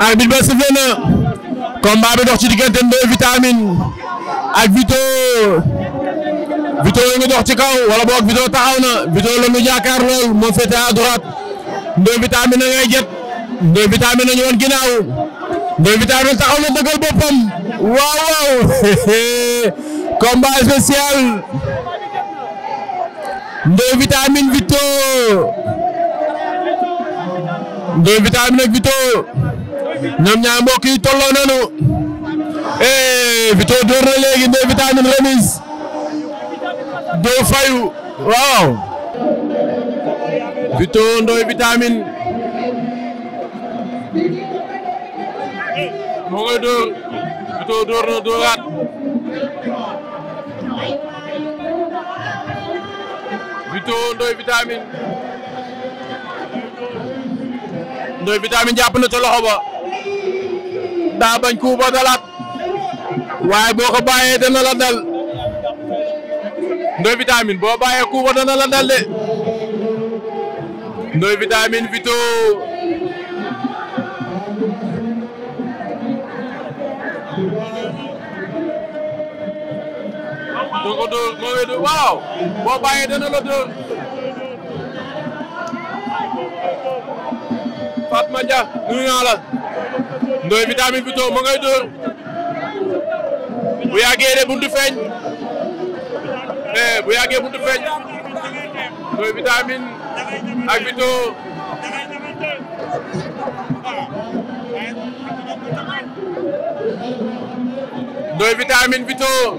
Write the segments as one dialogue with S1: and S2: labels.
S1: arbitre ba sifflé na combat bi dox ci diggante Ndoye Vitamine ak Vito Vito la ñu ci kaw wala boog Vito taxaw na Vito la ñu jàkkaar lool moo féete à droite Ndoye Vitamine na ngay jet Ndoye Vitamine na ñu woon ginnaaw Ndoye Vitamine boppam waaw waaw combat spécial Ndoye Vitamine Vito Ndoye Vitamine ak Vito ñoom ñaar mbokk yi tolloo nañu eh, Vito door léegi Ndoye Vitamine remise doo fayu waaw Ndoye Vitamine jàpp na ca loxo ba daa bañ ku ba waaye boo ko bàyyee dana la dal Ndoye Vitamine boo bàyyee ku dana la dal de Ndoye Vitamine Vito boo bàyyee dana la dóor Papa Dia nuyu naa bu yàggee de buntu eh, bu yàggee buntu feeñ Ndoye ak Vito Ndoye vitamine Vito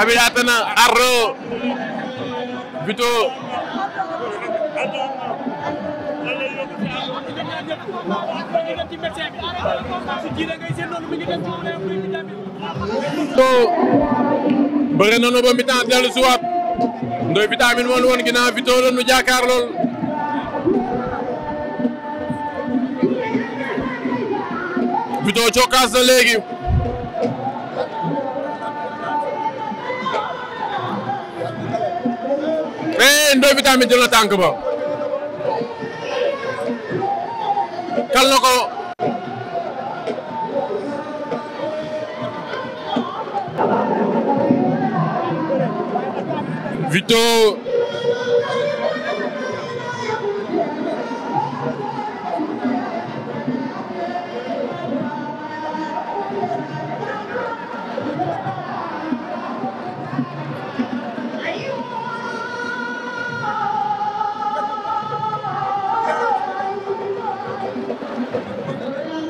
S1: abi laata Vito bëre nañu ba mi-temps dellu si waat Ndoye Vitamine moo woon ginnaaw Vito la nu jàkkaar lool Vito cokkaas na léegi ndooy bi tamit jël na tànk ba kal na ko Vito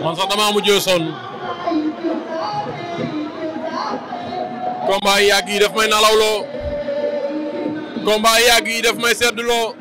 S1: man sax damaa mujjee sonn combat yi yàgg yi def may nalawloo combat yi yàgg yi def may seddloo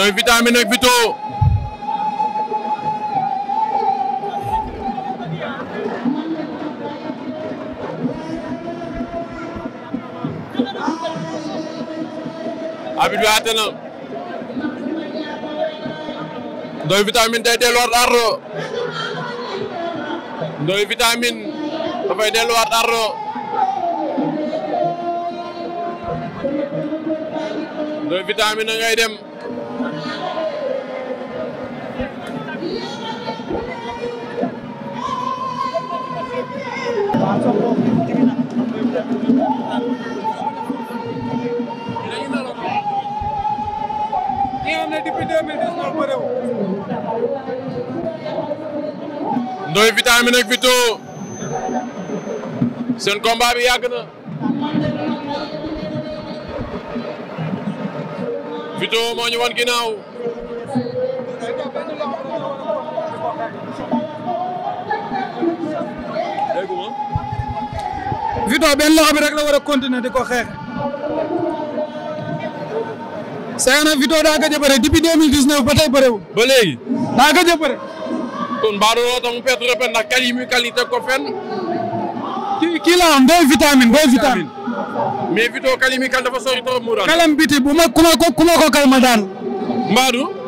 S1: doy vitamine ak Vito abit bi àtte na doy vitamine day delluwaat ardo doy vitamine Ndoye Vitamine ak Vito seen combat bi yàgg na Vito moo ñu wan ginnaaw
S2: Vito benn loxo bi rek la war a continuer di ko xeex. Seye Vito daa gëj a
S1: bëre depuis deux mille dix neuf ba tey bërewul. ba léegi. daa gëj mu perte repère ndax kàll yi teg ko fenn. kii am doy vitamine doy vitamine. mais Vito kàll yi dafa sori trop mu daan. biti bu ma ku ko ku ma ko kal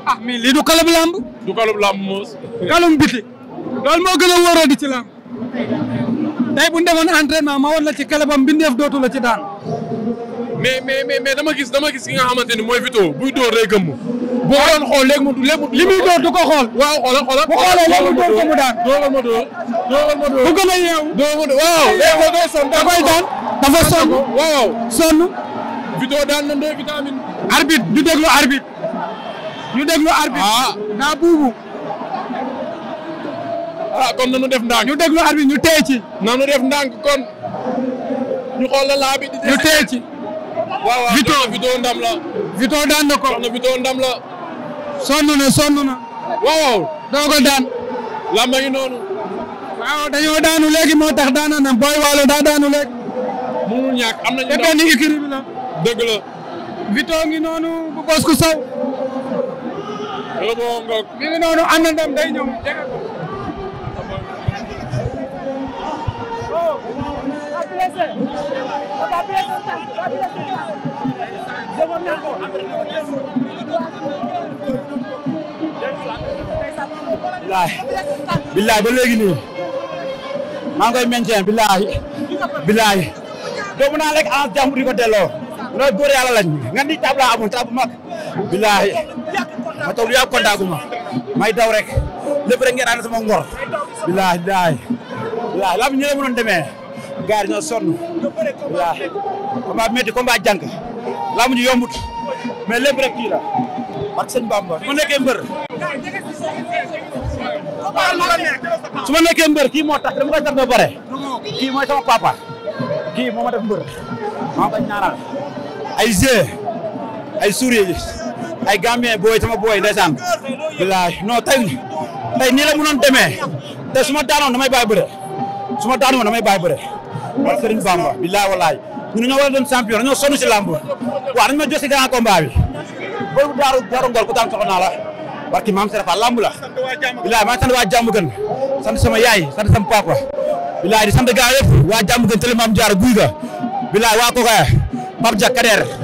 S1: ah mais lii du kalub lamb. du kalub biti. loolu moo
S2: gën a di ci tey bu ñu defoon entraînement ma war la ci kale ba mbindeef dootu la ci daan.
S1: mais mais mais dama gis dama gis ki nga xamante ni mooy Vito buy doo day gëmm. boo doon xool léegi mu léegi mu. li muy dóor du ko xool. waaw xoolal xoolal bu xoolee léegi mu dóor ko mu a yeewu. dóor ma da koy daan dafa sonn waaw sonn. Vito daan na ndey vitamine. arbitre ñu déglu arbitre. ñu déglu arbitre. Ah. naa buubu. kon nanu def ndànk. ñu déglu arbitre ñu téye ci. nanu def ndànk kon ñu xool la laa bi. di ñu téye ci. waaw waaw Vito Vito ndam la. Vito daan na ko. wax na Vito ndam la. sonn na sonn na. waaw. doo daan. lamba ngi noonu. waaw dañoo daanu léegi moo tax daana na booy waalo daa daanu léegi. munul ñàkk am na ndam
S2: day ñëw jege ko. bilaay bilaay ba léegi maa ngi koy meññee bilaay doomu naa lekk en jàmm di ko delloo loolu góor yàlla lañ nga ni tab bu mag bilaay ma toog lu yàgg kontaan may daw rek lépp rek ngeen ànd sama ngor bilaay bilaay bilaay laa bi ñu gaar ñoo sonn waaw combat bi métti combat jànk laa yombut mais lépp rek kii la ak sëñ Bamba su ma nekkee mbër su nekkee mbër kii moo tax dama koy tax ba bare kii mooy sama papa kii moo ma def mbër maa bañ ñaanal ay g ay souris ay gambien booy sama booy ndeysaan bilaay non tey tey nii la mënoon demee te su ma daanoon damay bàyyi bëre su ma daanoon damay bàyyi bëre waaw Serigne Bamba billaay walaay ñun ñoo war a doon champion dañoo sonn si làmb waaw dañ ma jox si grand combat a boobu daaru daaru ngol ku daan soxnaa la barki maam Serapha làmb la a maa ngi sant waa jàmm gën sant sama yaay sant sama a billaay la sant gaa yëpp waa jàmm gën tële maam jaar guy ga billaay waa Kokaaya Pape Dia Kader